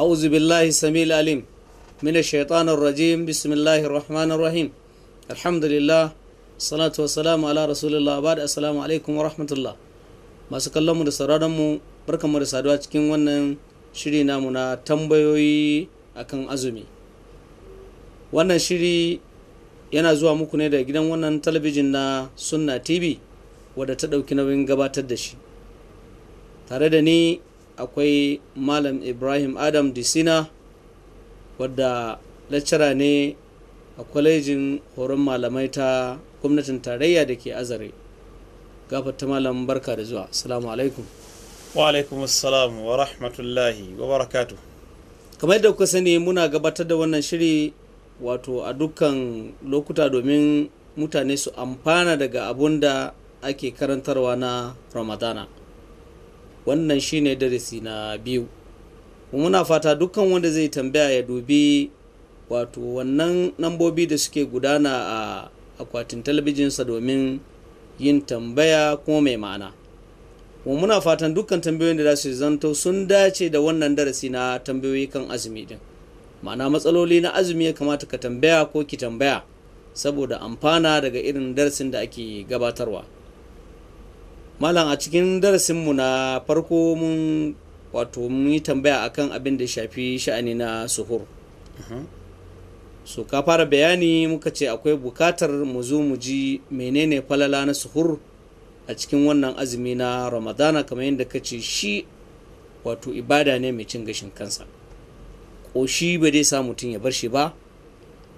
أعوذ بالله السميع العليم من الشيطان الرجيم بسم الله الرحمن masu kallon mu da sauraron mu barkanmu saduwa cikin wannan shiri namu na tambayoyi akan azumi wannan shiri yana zuwa muku ne da gidan wannan talabijin na sunna tv wadda ta ɗauki nauyin gabatar da shi tare da ni akwai malam ibrahim adam disina wadda lecturer ne a kwalejin horon malamai ta gwamnatin tarayya da ke azare gafata malam barka da zuwa salamu alaikum wa alaikum assalam wa rahmatullahi wa barakatu kamar yadda kuka sani muna gabatar da wannan shiri wato a dukkan lokuta domin mutane su amfana daga abun da ake karantarwa na ramadana wannan shine darasi na biyu muna fata dukkan wanda zai tambaya ya dubi wato wannan nambobi da suke gudana a akwatin talabijinsa domin yin tambaya kuma mai ma'ana kuma muna fatan dukkan tambayoyin da za su zanto sun dace da wannan darasi na tambayoyi kan azumi din ma'ana matsaloli na azumi ya kamata ka tambaya ko ki tambaya saboda amfana daga irin darasin da ake gabatarwa malam a cikin darasinmu na farko mun wato mun yi tambaya akan abin da shafi sha'ani na suhur so ka fara bayani muka ce akwai bukatar mu zo mu ji menene falala na suhur a cikin wannan azumi na ramadana kamar yadda ka ce shi wato ibada ne mai cin gashin kansa ƙoshi ba dai sa mutum ya bar shi ba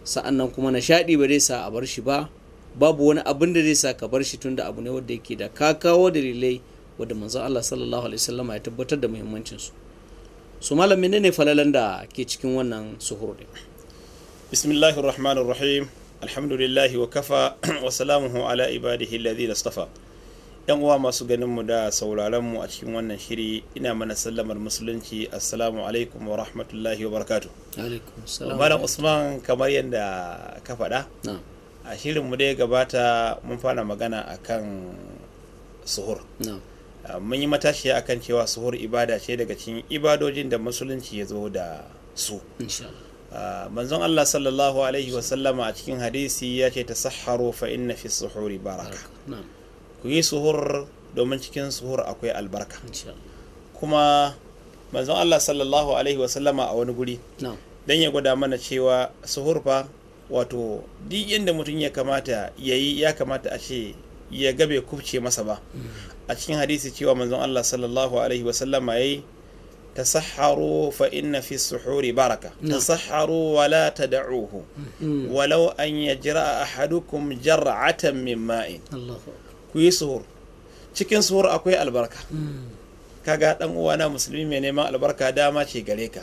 sa'annan kuma nishaɗi ba dai sa a bar shi ba babu wani abin da zai sa ka bar shi tunda abu ne wanda yake da ka kawo dalilai wanda manzon Allah sallallahu alaihi wasallam ya tabbatar da muhimmancin su su malam menene falalan da ke cikin wannan suhur din bismillahir rahmanir rahim alhamdulillahi wa kafa wa salamuhu ala ibadihi alladhina istafa yan uwa masu ganin mu da sauraron mu a cikin wannan shiri ina mana sallamar musulunci assalamu alaikum wa rahmatullahi wa barakatuh alaikum malam usman kamar yadda ka faɗa a shirinmu da ya gabata mun fara magana a kan suhur mun yi matashi a kan cewa suhur ibada ce daga cikin ibadojin da musulunci ya zo da su manzon Allah sallallahu alaihi wasallama a cikin hadisi ya ce ta saharo fa inna fi suhuri baraka ku yi suhur domin cikin suhur akwai albarka kuma manzon Allah sallallahu alaihi wasallama a wani guri Dan ya gwada mana cewa suhur fa wato duk inda mutum ya kamata ya yi ya kamata a ce ya gabe kubce masa ba a cikin hadisi cewa manzon Allah sallallahu alaihi wasallama yayi tasaharu fa inna fi suhuri baraka tasahharu wa la tad'uhu mm-hmm. walau an yajra ahadukum jar'atan min ma'in ku yi suhur cikin suhur akwai albarka mm. kaga dan uwana musulmi mai neman albarka dama ce gare ka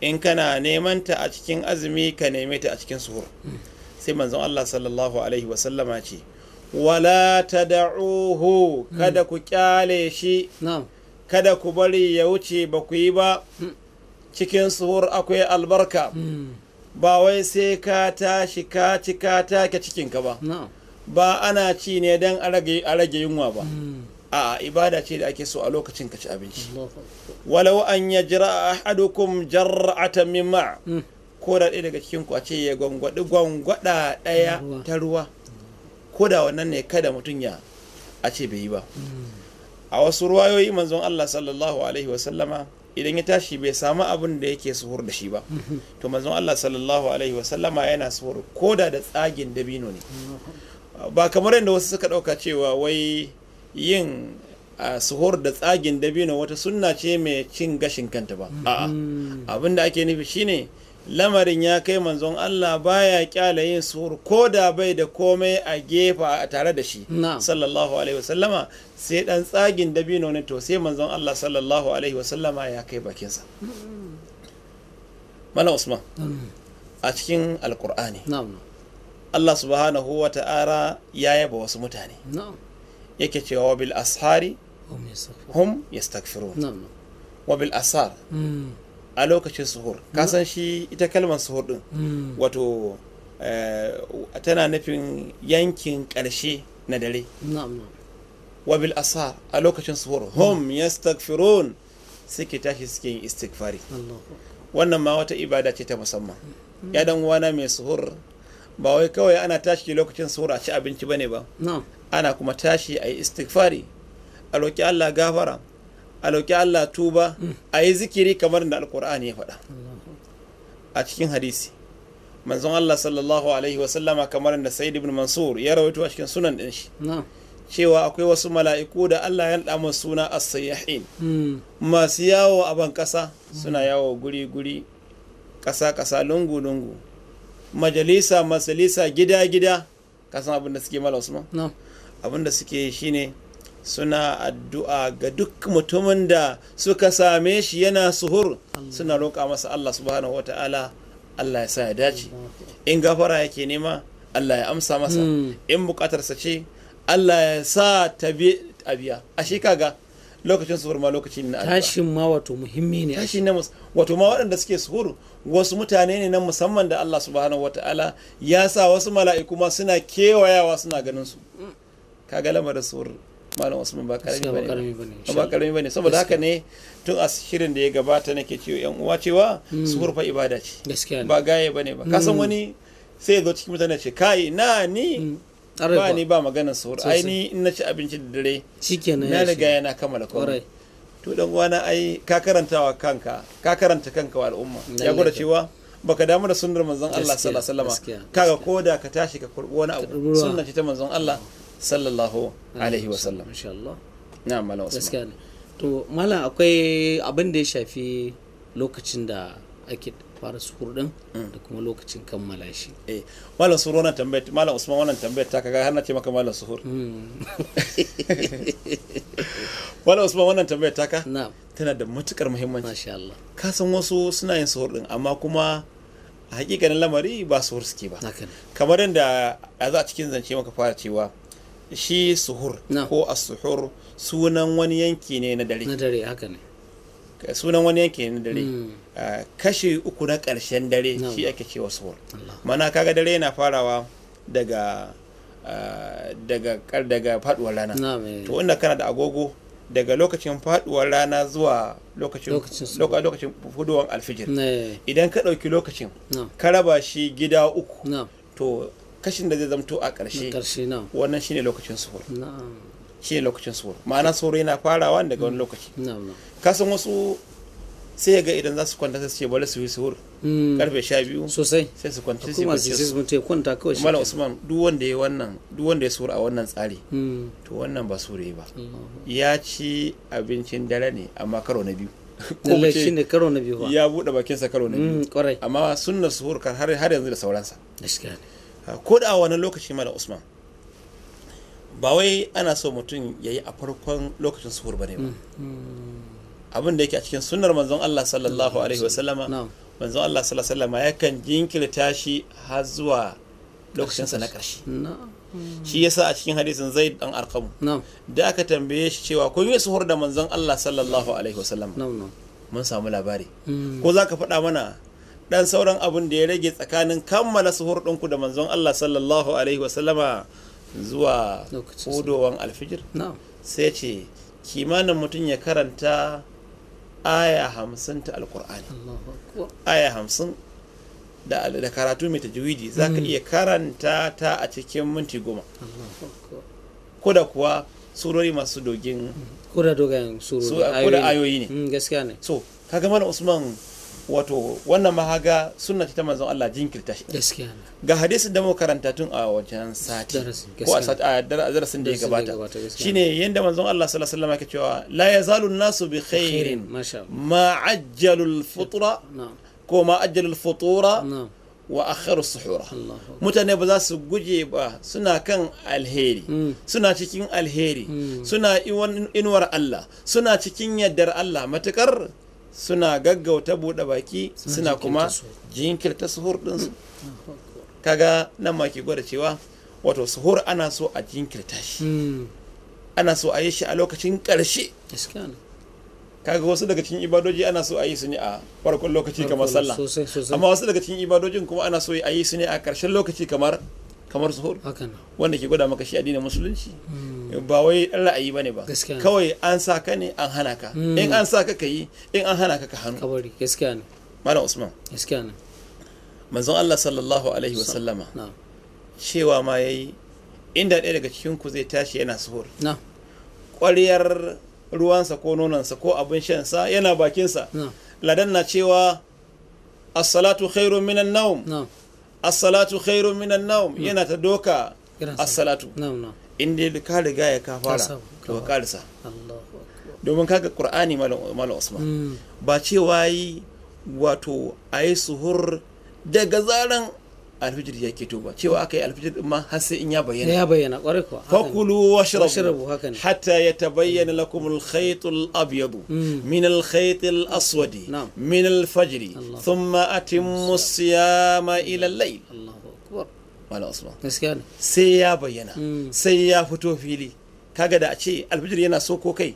in kana neman ta a cikin azumi ka neme ta a cikin suhur hmm. sai manzon Allah sallallahu alaihi wa sallama ce wala tad'uhu hmm. kada ku kyale shi kada ku bari ya wuce ba ku yi ba hmm. cikin suhur akwai albarka ba wai sai ka tashi ka ta ka take cikinka ba ba ana ci ne dan a rage yunwa ba a ibada ce da ake so a lokacin ka ci abinci walau an ya jira ahadukum jar'atan min ma hmm. ko da ɗaya daga cikin ku a ce ya gwangwaɗi gwangwaɗa ɗaya ta ruwa ko da wannan ne kada mutum ya a ce bai yi ba hmm. a wasu ruwayoyi manzon Allah sallallahu alaihi wasallama idan ya tashi bai samu abin da yake suhur da shi ba hmm. to manzon Allah sallallahu alaihi wasallama yana suhur koda da tsagin dabino ne ba kamar yadda wasu suka ɗauka cewa wai yin suhur da tsagin dabino wata sunna ce mai cin gashin kanta ba mm. a'a mm. abin da ake nufi shine lamarin ya kai manzon Allah baya kyala yin suhur ko da bai da komai a gefa a tare da shi sallallahu alaihi wasallama sai dan tsagin dabino ne to sai manzon Allah sallallahu alaihi wasallama ya kai bakinsa mm. mala usman a cikin alkur'ani Allah subhanahu wa ta'ala ya yaba wasu mutane yake cewa bil ashari hum yastaghfirun wa bil asar hmm. a lokacin suhur kasan shi ita kalmar suhur din hmm. wato eh, tana nufin yankin ƙarshe na dare wa bil asar a lokacin suhur hmm. hum yastaghfirun suke tashi suke yin istighfari wannan ma wata ibada ce ta musamman ya dan uwana mai suhur ba wai kawai ana tashi lokacin suhur a ci abinci bane ba ana kuma tashi a yi istighfari a roƙi Allah gafara a roƙi Allah tuba a yi zikiri kamar da alkur'ani ya faɗa a cikin hadisi manzon Allah sallallahu alaihi wasallama kamar da Sayyid ibn Mansur ya rawaito a cikin sunan ɗin shi cewa akwai wasu mala'iku da Allah ya naɗa suna as-sayyahin hmm. masu yawo a ban ƙasa suna yawo guri-guri ƙasa-ƙasa lungu-lungu majalisa masalisa gida-gida kasan abin da suke mala Usman abinda suke shine suna addu'a ga duk mutumin da suka same shi yana suhur suna roƙa masa Allah subhanahu wa ta'ala Allah ya sa ya dace in gafara yake nema Allah ya amsa masa hmm. in bukatarsa ce Allah ya sa ta biya a shi kaga lokacin suhur ma lokaci na addu'a tashin ma wato muhimmi ne Tashin na wato ma waɗanda suke suhur wasu mutane ne na musamman da Allah subhanahu ta'ala ya sa wasu mala'iku ma suna kewayawa suna ganin su hmm. kaga lamarin suwar malam usman ba karami ba karami saboda haka ne tun a shirin da ya gabata nake ciwo yan uwa cewa su hmm. fa ibada ce ba gaye ba ne ba kasan hmm. wani sai ya zo cikin mutane ce kai na ni hmm. ba ni ba maganar suwar ai ni in na ci abinci da dare na riga yana kammala komai to dan uwana ai ka karantawa kanka ka karanta kanka wa al'umma ya gwada cewa baka damu da sunnar manzon Allah sallallahu alaihi wasallam kaga koda ka tashi ka kurbi wani abu sunna ce ta manzon Allah sallallahu alaihi wasallam inshallah na na'am malam gaskiya ne to malam akwai abin da ya shafi lokacin da ake fara sukur din mm. da kuma lokacin kammala shi eh malam suhur wannan tambayar malam usman wannan tambayar ta kaga har na ce maka malam suhur hmm. malam usman wannan tambayar ta ka na'am tana da matukar muhimmanci masha Allah ka san wasu suna yin suhur din amma kuma a hakikanin lamari ba suhur suke ba kamar yadda a za a cikin zance maka fara cewa shi suhur ko a suhur sunan wani yanki ne na dare na dare haka ne eh, sunan wani yanki ne na dare hmm. eh, kashi uku na ƙarshen dare shi ake cewa suhur mana kaga dare yana farawa daga eh, daga daga faduwar rana to inda kana da agogo daga lokacin faduwar rana zuwa lokacin lokacin alfijir idan ka ɗauki lokacin ka raba shi gida uku to kashin da zai zamto a ƙarshe wannan shine lokacin suhur shine lokacin suhur ma'ana suhur yana farawa daga wani mm. lokaci kasan wasu sai ga idan za su kwanta sai su ce bari su yi suhur mm. karfe sha biyu sosai sai su kwanta sai su kwanta sai kwanta kawai shi malam usman duk wanda ya wannan duk wanda ya suhur a wannan tsari mm. to wannan ba suhur ba ya ci abincin dare ne amma karo na biyu ko shi ne karo na biyu ya buɗe bakinsa karo na biyu amma sunnar suhur har yanzu da sauransa gaskiya ne ko da wani lokaci mala usman ba wai ana so mutum ya yi a farkon lokacin suhur ba ne ba abin da yake a cikin sunnar manzon Allah sallallahu alaihi wasallama manzon Allah sallallahu alaihi wasallama yakan jinkirta shi har zuwa lokacinsa na ƙarshe shi yasa a cikin hadisin zaid dan arqam da aka tambaye shi cewa kun yi suhur da manzon Allah sallallahu alaihi wasallam mun samu labari hmm. ko zaka faɗa mana dan sauran abin da ya rage tsakanin kammala suhur ɗinku da manzon Allah sallallahu alaihi wasallama zuwa hudowan alfijir sai ce kimanin mutum ya karanta aya hamsin ta alkur'ani aya hamsin da, da karatu mai tajwidi za ka mm. iya karanta ta a cikin minti goma ko da kuwa surori masu dogin mm. ko da dogayen surori ayoyi ne mm, gaskiya ne so kaga mana usman wato wannan mahaga sunna ta manzon Allah jinkirta shi ga hadisin da mu karanta tun a wajen sati ko a sati a darasin da ya gabata shine yanda manzon Allah sallallahu alaihi wasallam cewa la yazalu nasu bi khairin ma ajjalu al-futra ko ma ajjalu al-futura wa akhiru suhura mutane ba za su guje ba suna kan alheri hmm. suna cikin alheri hmm. suna inuwar Allah suna cikin yardar Allah matukar suna gaggauta buɗe baki suna kuma jinkirta suhur ɗinsu hmm. kaga nan ma ke gwada cewa wato suhur ana so a jinkirta shi hmm. ana so a yi shi a lokacin ƙarshe kaga wasu daga cikin ibadoji ana so a yi su ne a farkon lokaci kamar sallah amma wasu daga cikin ibadojin kuma ana so a yi su ne a ƙarshen lokaci kamar kamar suhur wanda ke gwada maka shi addinin musulunci hmm. ba wai ra'ayi bane ba kawai an sa ka ne an hana ka hmm. in an sa ka ka yi in an hana ka ka hannu kabari gaskiya ne malam usman gaskiya ne manzon Allah sallallahu alaihi wa sallama cewa ma yayi inda ɗaya daga cikin ku zai tashi yana suhur ƙwariyar ruwansa ko nonansa ko abin shansa yana bakinsa ladan na cewa as-salatu khairun minan nawm Assalatu khairun minan yana ta doka Assalatu. salatu ya ka riga ya ka fara to ka karsa domin kaga qur'ani malam usman mm. ba cewa yi wato ayi suhur daga zaran alfijir ya ke toba cewa aka yi alfijir din ma har sai in ya bayyana ya bayyana kwarai ko fakulu washrabu hatta yatabayyana lakum al-khayt al-abyad hmm. min al-khayt al-aswad min al-fajr thumma atimmu as-siyama ila al-layl Allahu akbar gaskiya sai ya bayyana hmm. sai ya fito fili kaga da a ce alfijir yana so ko kai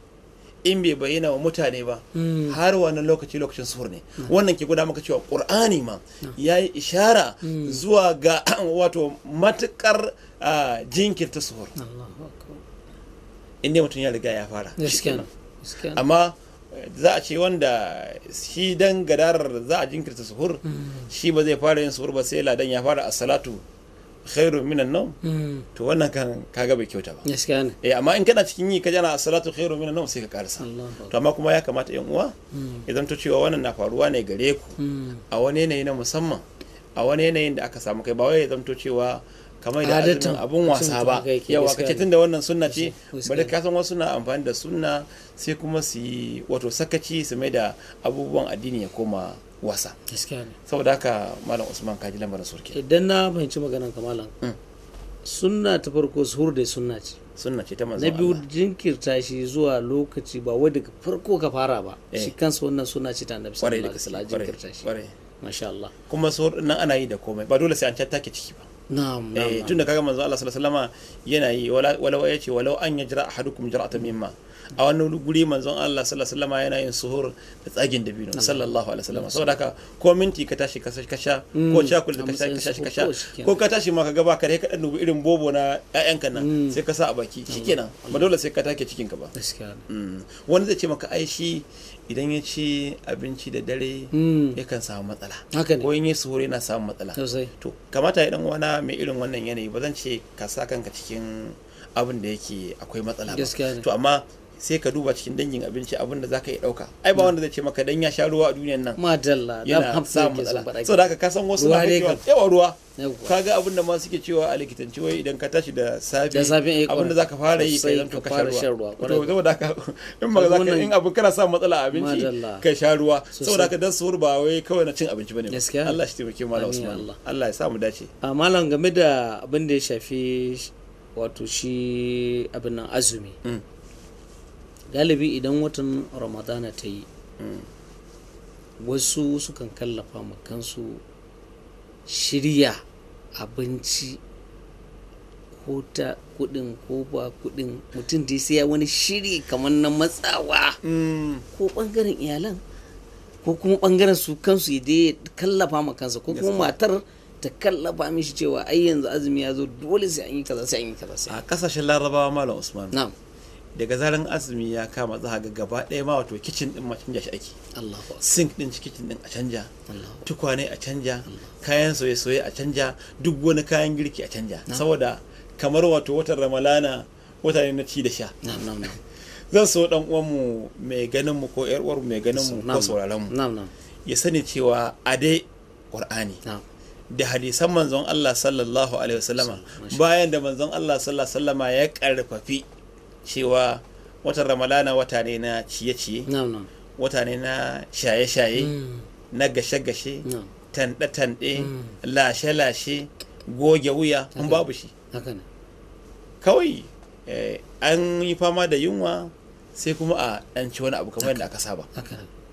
in bai bayyana wa mutane ba hmm. har wannan lokaci lokacin suhur ne wannan ke guda maka cewa ƙur'ani ma Ya yi ishara hmm. zuwa ga wato matukar ah, jinkirta suhur inda mutum ya riga ya fara amma eh, za a ce wanda shi dan gadarar za a jinkirta suhur hmm. shi ba zai fara yin suhur ba sai ladan ya fara a salatu khairu minan nom hmm. to wannan kan kaga bai kyauta ba gaskiya eh amma in kana cikin yi ka jana salatu khairu minan nom sai ka karasa to amma kuma ya kamata yan uwa idan hmm. to cewa wannan na faruwa ne gare ku hmm. a wani yanayi na musamman a wani yanayin da aka samu kai ba wai ya to cewa kamar da azumin abun wasa ba yawa kace tunda wannan sunna ce bari ka san wasu na amfani da sunna sai kuma su wato sakaci su mai da abubuwan addini ya koma wasa saboda haka malam usman kaji da surke idan na fahimci maganan ka malam mm. sunna ta farko suhur da sunna ce sunna ce ta manzon na biyu jinkirta shi zuwa lokaci ba wai daga farko ka fara ba eh. shi kansa wannan sunna ce ta annabi sallallahu alaihi wasallam jinkirta shi masha Allah kuma suhur nan ana yi da komai ba dole sai an tattake ciki ba na'am na'am eh, tun da kaga manzo Allah sallallahu alaihi wasallama yana yi wala wala yace walau an yajra ahadukum jara'atan mimma a wani guri manzon Allah sallallahu alaihi wasallam yana yin suhur da tsagin dabino sallallahu alaihi wasallam saboda haka ko minti ka tashi ka ka sha mm. ko chakul ka tashi ka ko ka tashi ma ka gaba ka ka dan dubi irin bobo na ƴaƴanka nan mm. sai ka sa a baki shikenan ba dole sai ka take cikin ka ba mm. wani zai ce maka ai shi idan ya ci abinci da dare yakan samu matsala ko in yi suhur yana samu matsala to kamata ya dan mai irin wannan yanayi ba zan ce ka sa kanka cikin abin da yake akwai matsala ba to amma sai ka duba cikin dangin abinci abin da zaka yi dauka ai ba wanda zai ce maka dan ya sha ruwa a duniyar nan madalla yana samun matsala saboda haka ka san wasu na yawa ruwa kaga abin da ma suke cewa a likitanci wai idan ka tashi da safe abin da eh, zaka fara yi kai zanto ka sha ruwa to saboda ka in ma zaka in abin kana sa matsala a abinci ka sha ruwa saboda ka dan suwar ba wai kawai na cin abinci bane Allah shi taimake malam Usman Allah ya sa mu dace a malam game da abin da ya shafi wato shi abin nan azumi mm. galibi idan watan ramadana ta yi wasu sukan kallafa kansu shirya abinci ko ta kudin ko ba kudin mutum da sai ya wani shiri kamar na matsawa mm. ko bangaren iyalan ko kuma bangaren su kansu ya dai kallafa ma kansa ko kuma matar ta kallafa mishi cewa ai yanzu azumi ya zo dole sai an yi kaza sai an yi kaza sai a kasashen larabawa malam usman na'am daga zaran azumi ya kama za ga gaba ɗaya ma wato kicin din ma canja shi ake sink din kicin din a canja tukwane a canja kayan soye-soye a canja duk wani kayan girki a canja saboda kamar wato watan ramalana wata ne na ci da sha zan so dan uwanmu mai ganin mu ko yar uwar mai ganin mu ko sauraron mu ya sani cewa a dai qur'ani da hadisan manzon Allah sallallahu alaihi wasallama bayan da manzon Allah sallallahu alaihi wasallama ya karfafi cewa watan ramalana wata ne na ciye-ciye wata ne na shaye-shaye mm. na gashe-gashe tanɗe-tanɗe mm. lashe-lashe goge wuya kun babu shi kawai eh, an yi fama da yunwa sai kuma a ɗanci wani abu kamar yadda aka saba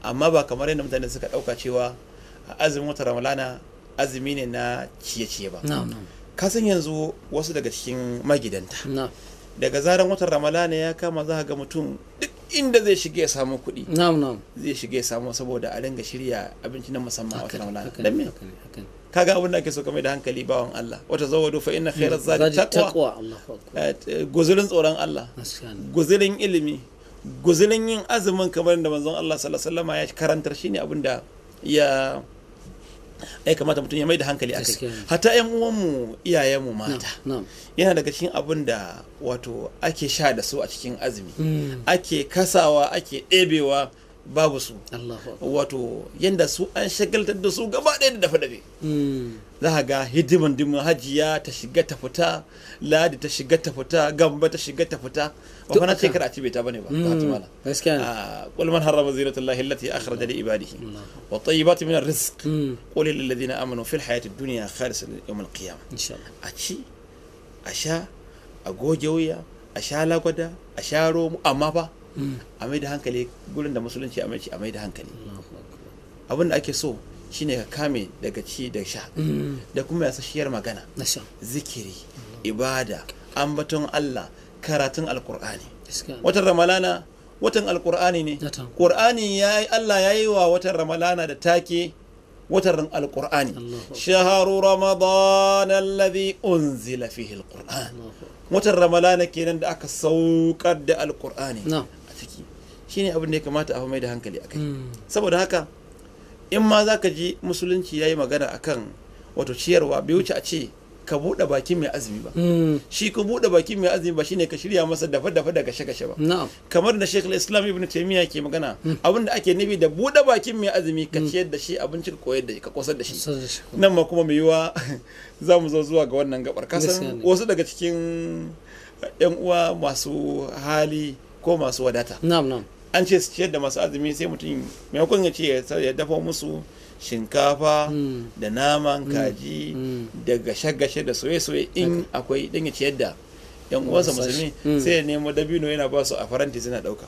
amma ba kamar yadda mutane suka ɗauka cewa azumin watan ramalana azumi ne na ciye-ciye ba kasan yanzu wasu daga cikin magidanta daga zaran watan ramadana ya kama za ga mutum duk inda zai shige ya samu kuɗi zai shige ya samu saboda a ringa shirya abinci na musamman a watan ramalana don me ga abin da ake so mai da hankali bawan Allah wata zawadu fa inna khairaz hmm, zadi taqwa eh, eh, guzurin tsoron Allah guzurin ilimi guzurin yin azumin kamar da manzon Allah sallallahu alaihi wasallam ya karantar shine abin da ya ai kamata mutum ya mai da hankali akai hatta yan uwanmu mu mata yana daga cikin abin da wato ake sha da su a cikin azumi mm. ake kasawa ake ɗebewa babu su wato yadda su an shagaltar da su gaba ɗaya da dafe-dafe hmm. za ka ga hidiman dimin hajiya ta shiga ta fita ladi ta shiga ta fita gamba ta shiga ta fita ba fa ce kar a ci bai ta bane ba hmm. gaskiya ah, qul man harrama zinatullahi allati akhraja li ibadihi wa tayyibati min ar-rizq hmm. qul lil ladina amanu fil hayati ad-dunya khalisan yawm al-qiyamah a ci a sha a goge wuya a sha lagwada a sha romu amma fa a mai da hankali gurin da musulunci a mai da hankali abin da ake so shine ka kame daga ci da sha da kuma shiyar magana zikiri ibada ambaton Allah karatun alkur'ani watan ramalana watan alkur'ani ne ya yi Allah yayi wa watan ramalana da take watan alkur'ani shaharu ramadan alladhi unzila fihi alkur'an watan ramalana kenan da aka saukar da alkur'ani ciki ne abin da ya kamata a mai da hankali a kai hmm. saboda haka in ma za ka ji musulunci ya yi magana a kan, wato ciyarwa bai wuce a ce ka buɗe bakin mai azumi ba hmm. shi ka buɗe bakin mai azumi ba ne ka shirya masa dafa dafa daga gashe gashe ba kamar da Sheikh Islam Ibn taimiyya ke magana hmm. abin da ake nufi da buɗe bakin mai azumi ka ciyar da shi abinci ka koyar da ka kosar da shi nan ma kuma mai yiwa za mu zo zuwa ga wannan gabar kasan wasu daga cikin yan uwa masu hali ko masu wadata an ce su ciyar da masu azumi sai mutum maimakon ya ce ya dafa musu shinkafa hmm. da naman hmm. kaji hmm. da gashe-gashe da soye-soye in akwai don ya ciyar da yan uwansa musulmi mm. sai ya nemo dabino yana ba su a faranti suna dauka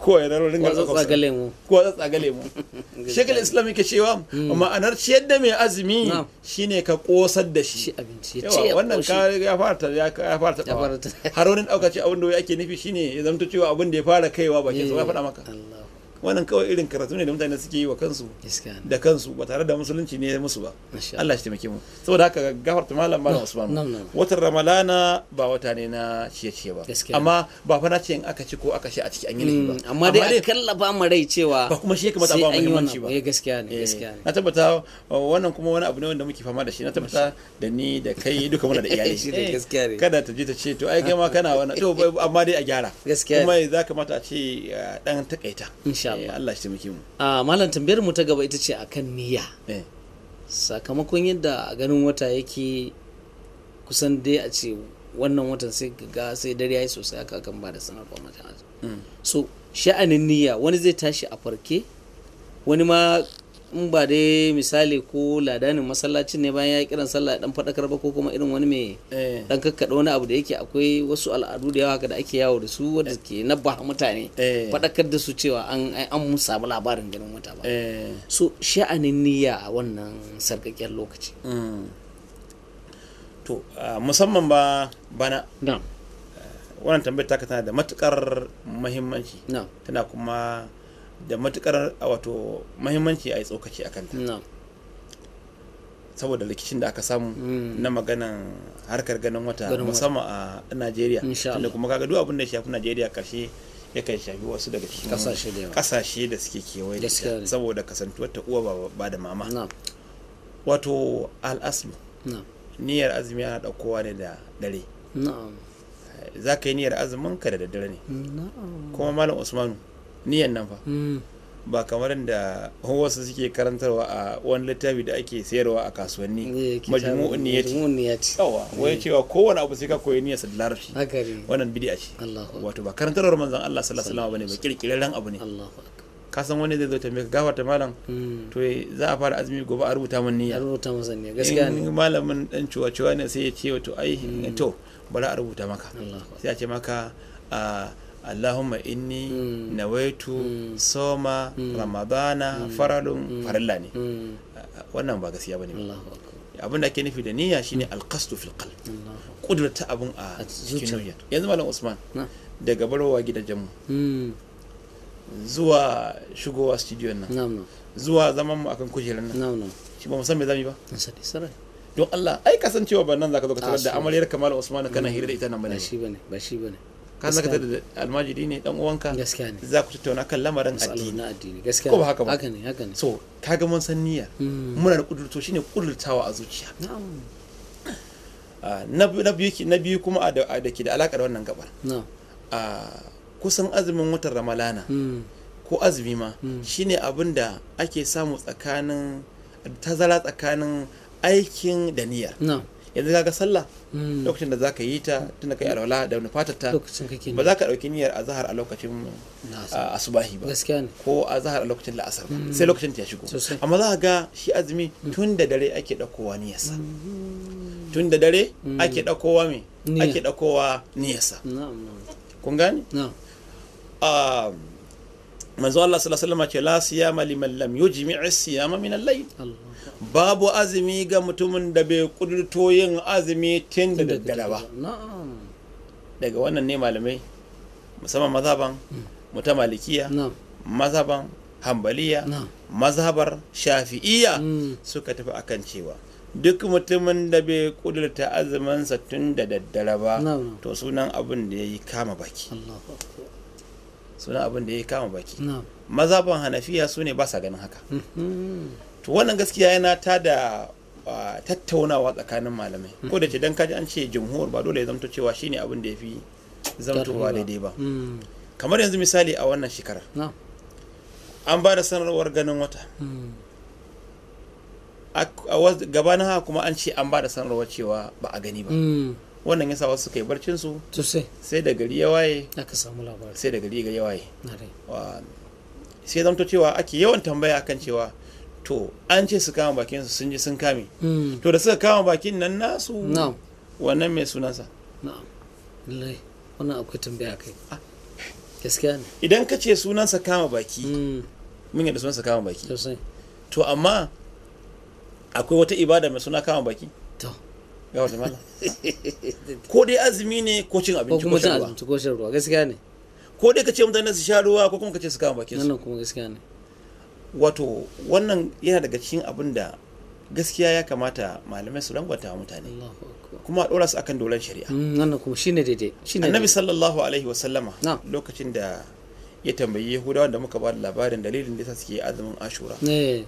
ko ya raro ringa tsagale mu ko za tsagale mu shekul islam yake cewa mm. ma'anar ciyar da mai azumi shine ka kosar da shi wannan ka ya fara ta ya fara ta harorin dauka ce abin da ake nufi shine ya zanto cewa abin da ya fara kaiwa bakin sa ya faɗa maka wannan kawai irin karatu ne da mutane suke yi wa kansu da kansu ba tare da musulunci ne musu ba Allah shi taimake mu saboda haka gafarta malam malam Usman watan Ramalana ba wata ne na ciye-ciye ba amma ba fa na ce in aka ci ko aka sha a ciki an yi ne ba mm, amma dai a kallafa mu rai cewa ba kuma shi ya kamata ba muhimmanci ba eh gaskiya ne eh, gaskiya ne na tabbata uh, wannan kuma wani abu ne wanda muke fama da shi na tabbata da ni da kai duka muna da iyali gaskiya ne kada ta je ta ce to ai kai ma kana wannan to amma dai a gyara gaskiya kuma za mata a ce dan uh, takaita insha Eh, Allah shi mu a ah, malam tambayar mu ta gaba ita ce akan niyya eh. sakamakon yadda a ganin wata yake kusan dai a ce wannan watan sai ga sai dare yayi sosai aka kan ba da sanarwa mata mm. so sha'anin niyya wani zai tashi a farke wani ma in ba dai misali ko ladanin masallacin ne bayan ya kiran sallah dan fadakar ba ko kuma irin wani mai eh. dan kakkada wani abu da yake akwai wasu al'adu da yawa da ake yawo da su wanda ke nabba mutane eh. fadakar da su cewa an an samu labarin ganin wata ba eh. so sha'anin niyya a wannan sarkakken lokaci hmm. to musamman ba bana wannan tambayar taka tana da matukar muhimmanci tana kuma da matukar wato mahimmanci a yi tsokaci a kanta saboda rikicin da aka samu hmm. na maganan harkar ganin wata musamman a najeriya tunda kuma kaga duk abin da ya shafi najeriya karshe kai shafi wasu daga cikin kasashe da suke kewaye da saboda kasantuwar ta uwa ba da mama wato alasmi niyyar azumi yana ɗaukowa ne da dare za ka yi niyyar azumin ka da daddare ne kuma malam usmanu niyan nan fa hmm. ba kamar da wasu suke karantarwa a wani littafi da ake sayarwa a kasuwanni eh, majmu'un niyyati yawa wai eh. cewa kowane abu sai ka koyi niyyar da larabci wannan bid'a ce wato ba karantarwar manzon Allah sallallahu alaihi wasallam bane ba kirkirarren abu ne ka san wani zai zo tambaye ka gafarta malam hmm. to za a fara azumi gobe a rubuta min niyya a rubuta masa niyya gaskiya ne malamin dan cewa cewa ne sai ya ce to ai hmm. to bari a rubuta maka sai a ce maka a ah, allahumma inni mm. Mm. nawaitu mm. soma ramadana faradun farilla ne wannan ba gaskiya ne abin da ake nufi da niyya shine alkastu fil qalb kudurta abun a cikin niyya yanzu malam usman daga barowa gidajen mu zuwa shigowa studio nan zuwa zaman mu akan kujerar nan shi ba mu san me yi ba don Allah ai kasancewa ba nan zaka zo ka tarar da amaliyar kamar Usman kana hira da ita nan ba ne ba shi bane ba shi bane ka san da almajiri ne dan uwanka za ku tattauna kan lamarin addini gaskiya ko ba haka ba haka ne haka ne so mun san niyya hmm. muna da kudurto shine kudurtawa a zuciya ah, na biyu kuma a da ke da alaka da wannan gabar ah, kusan azumin watan ramalana hmm. ko azumi ma hmm. shine abin da ake samu tsakanin tazara tsakanin aikin da niyyar yanzu kaga sallah hmm. lokacin da za ka yi ta tunda yi alwala da wani fatar ta ba za ka dauki niyyar a zahar a lokacin ah, asubahi ba ko a zahar a lokacin la'asar hmm. sai lokacin ta shigo amma za ka ga shi azumi hmm. tun da dare ake daukowa niyyarsa tun da dare ake daukowa me ake daukowa niyyarsa kun gane manzo Allah sallallahu alaihi wasallam ce la siyama liman lam yujmi' siyama min al-layl babu azumi ga mutumin da bai kudurto yin azumi tun da daddare ba daga wannan ne malamai musamman mazhaban hmm. muta malikiya mazhaban hambaliya mazhabar shafi'iyya hmm. suka tafi akan cewa duk mutumin da bai kudurta azuminsa tun da daddare ba to sunan abin da ya yi kama baki suna abin da ya kama baki mazaban hanafiya su ne ba sa ganin haka mm-hmm. to wannan gaskiya yana ta da ah, tattaunawa tsakanin malamai ko da ce dan kaji an ce jumhur ba dole ya zamto cewa shine abin da ya fi a daidai ba mm. kamar yanzu misali a wannan shekarar an ba da sanarwar ganin wata mm. a gabanin haka kuma an ce an ba da sanarwar cewa ba a gani ba mm. wannan yasa wasu kai barcin su sai da gari ya waye aka samu labari sai da gari ya waye sai zamto cewa ake yawan tambaya akan cewa to an ce su kama bakin su sun ji sun kame hmm. to da suka kama bakin nan nasu wannan mai sunansa na'am lallai wannan akwai tambaya kai ah. gaskiya ne idan ka ce sunansa kama baki hmm. mun yadda sunansa kama baki to amma akwai wata ibada mai suna kama baki yawa ko dai azumi ne ko cin abinci ko shan ruwa ko gaskiya ne ko dai ka ce mutane su sha ruwa ko kuma ka ce su kama bakin su wannan kuma gaskiya ne wato wannan yana daga cikin abin da gaskiya ya kamata malamai su rangwata wa mutane kuma dora su akan dolan shari'a mm, wannan kuma shine daidai shine annabi sallallahu alaihi wa sallama lokacin da ya tambayi yahudawa da muka ba da labarin dalilin da yasa suke azumin ashura eh.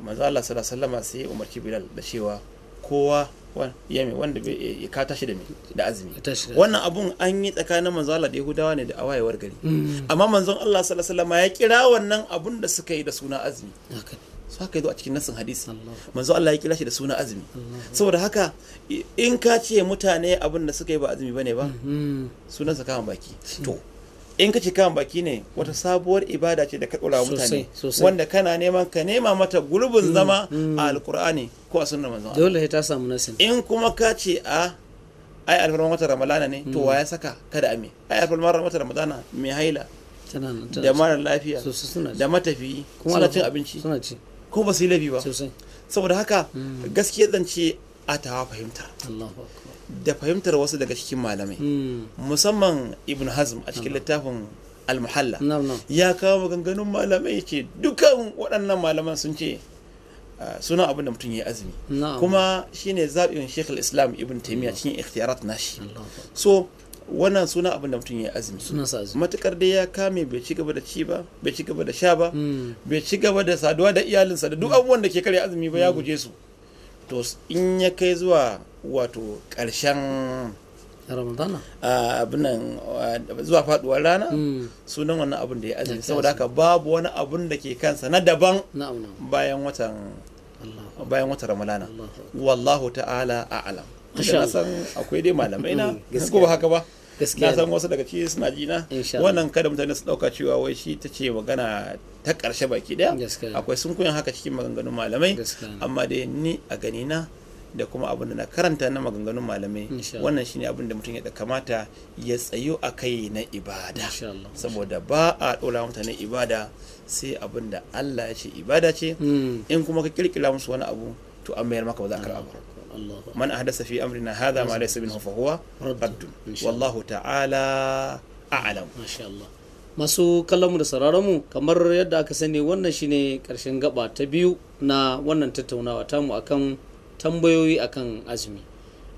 manzo Allah sallallahu alaihi wa sallama sai umarci bilal da cewa kowa yami wanda eh, ka tashi da da azumi wannan abun an yi tsakanin manzo Allah da Yahudawa ne da awayewar gari mm. amma manzon Allah sallallahu alaihi wasallam ya kira wannan abun da suka yi da suna azumi su haka yazo a cikin nasin hadisi manzo Allah ya kira shi da suna azumi saboda haka in ka ce mutane abun da suka yi ba azumi bane ba mm-hmm. sunansa kama baki to in ka ci kan baki ne wata sabuwar ibada ce da ka ɗora mutane wanda kana neman ka nema mata gurbin mm, zama mm. a alkur'ani ko a sunna manzon dole ta samu nasin in kuma ka ce a ai alfarman wata ramadana ne to mm. wa ya saka kada ame ai alfarman wata ramadana mai haila da mara lafiya da matafiyi suna cin abinci ko ba su yi laifi ba saboda haka gaskiya zance a tawa fahimta da fahimtar wasu daga cikin malamai hmm. musamman ibn hazm a cikin littafin almuhalla ya kawo maganganun malamai ce dukan waɗannan malaman sun ce ah, suna abin da mutum ya azumi kuma shine zaɓin shekul islam ibn taimiyya cikin ikhtiyarat nashi so wannan suna abin da mutum ya azumi matukar dai ya kame bai ci gaba da ci ba bai ci gaba da sha ba hmm. bai ci gaba da saduwa da iyalinsa da duk hmm. abubuwan da ke karya azumi ba ya guje su to in ya kai zuwa wato ƙarshen abinan zuwa faduwar rana hmm. sunan wannan abin da ya azumi saboda haka babu wani abun da ke kansa na daban bayan watan ramadana wallahu ta'ala a'lam san akwai dai malamai na hmm, ko ba haka ba na san wasu daga ciki suna jina wannan kada mutane su dauka cewa wai shi ta ce magana ta karshe baki daya akwai sun haka cikin maganganun malamai amma dai ni a gani na da kuma abin da na karanta na maganganun malamai wannan shine abin da mutum ya kamata ya tsayo a kai na ibada saboda ba a dora mutane ibada sai abin da Allah ya ce ibada ce hmm. in kuma ka kirkira musu wani abu to an mayar maka ba za ka karɓa ba man ahdasa fi amrina hadha ma laysa minhu fa huwa raddun wallahu ta'ala a'lam masha Allah masu mu da mu kamar yadda aka sani wannan shine karshen gaba ta biyu na wannan tattaunawa tamu akan tambayoyi akan azumi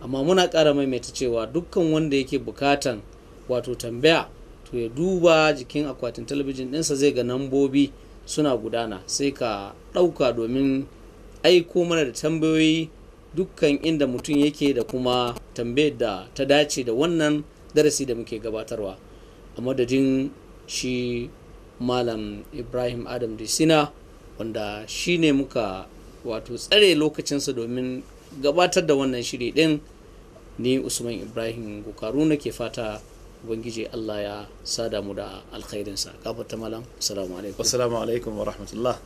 amma muna ƙara maimaita cewa dukkan wanda yake bukatan wato tambaya to ya duba jikin akwatin talabijin ɗinsa zai ga nambobi suna gudana sai ka ɗauka domin aiko mana da tambayoyi dukkan inda mutum yake da kuma tambayar da ta dace da wannan darasi da muke gabatarwa a madadin shi malam ibrahim adam disina wanda shi ne muka wato tsare lokacinsa domin gabatar da wannan shiri din ni usman ibrahim gukaru ke fata ubangiji allah ya sada mu da alkhairinsa ta malam assalamu alaikum wa rahmatullah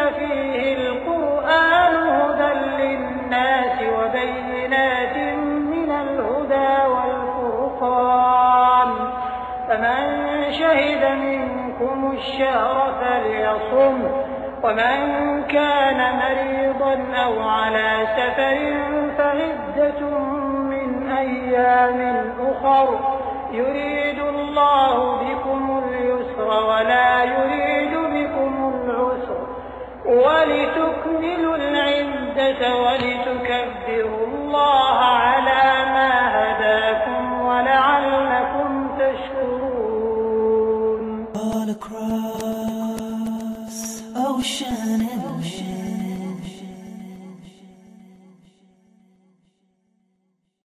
أنزل فيه القرآن هدى للناس وبينات من الهدى والفرقان فمن شهد منكم الشهر فليصم ومن كان مريضا أو على سفر فعدة من أيام أخر يريد الله بكم اليسر ولا يريد ولتكملوا العدة ولتكبروا الله على ما هداكم ولعلكم تشكرون All across oh,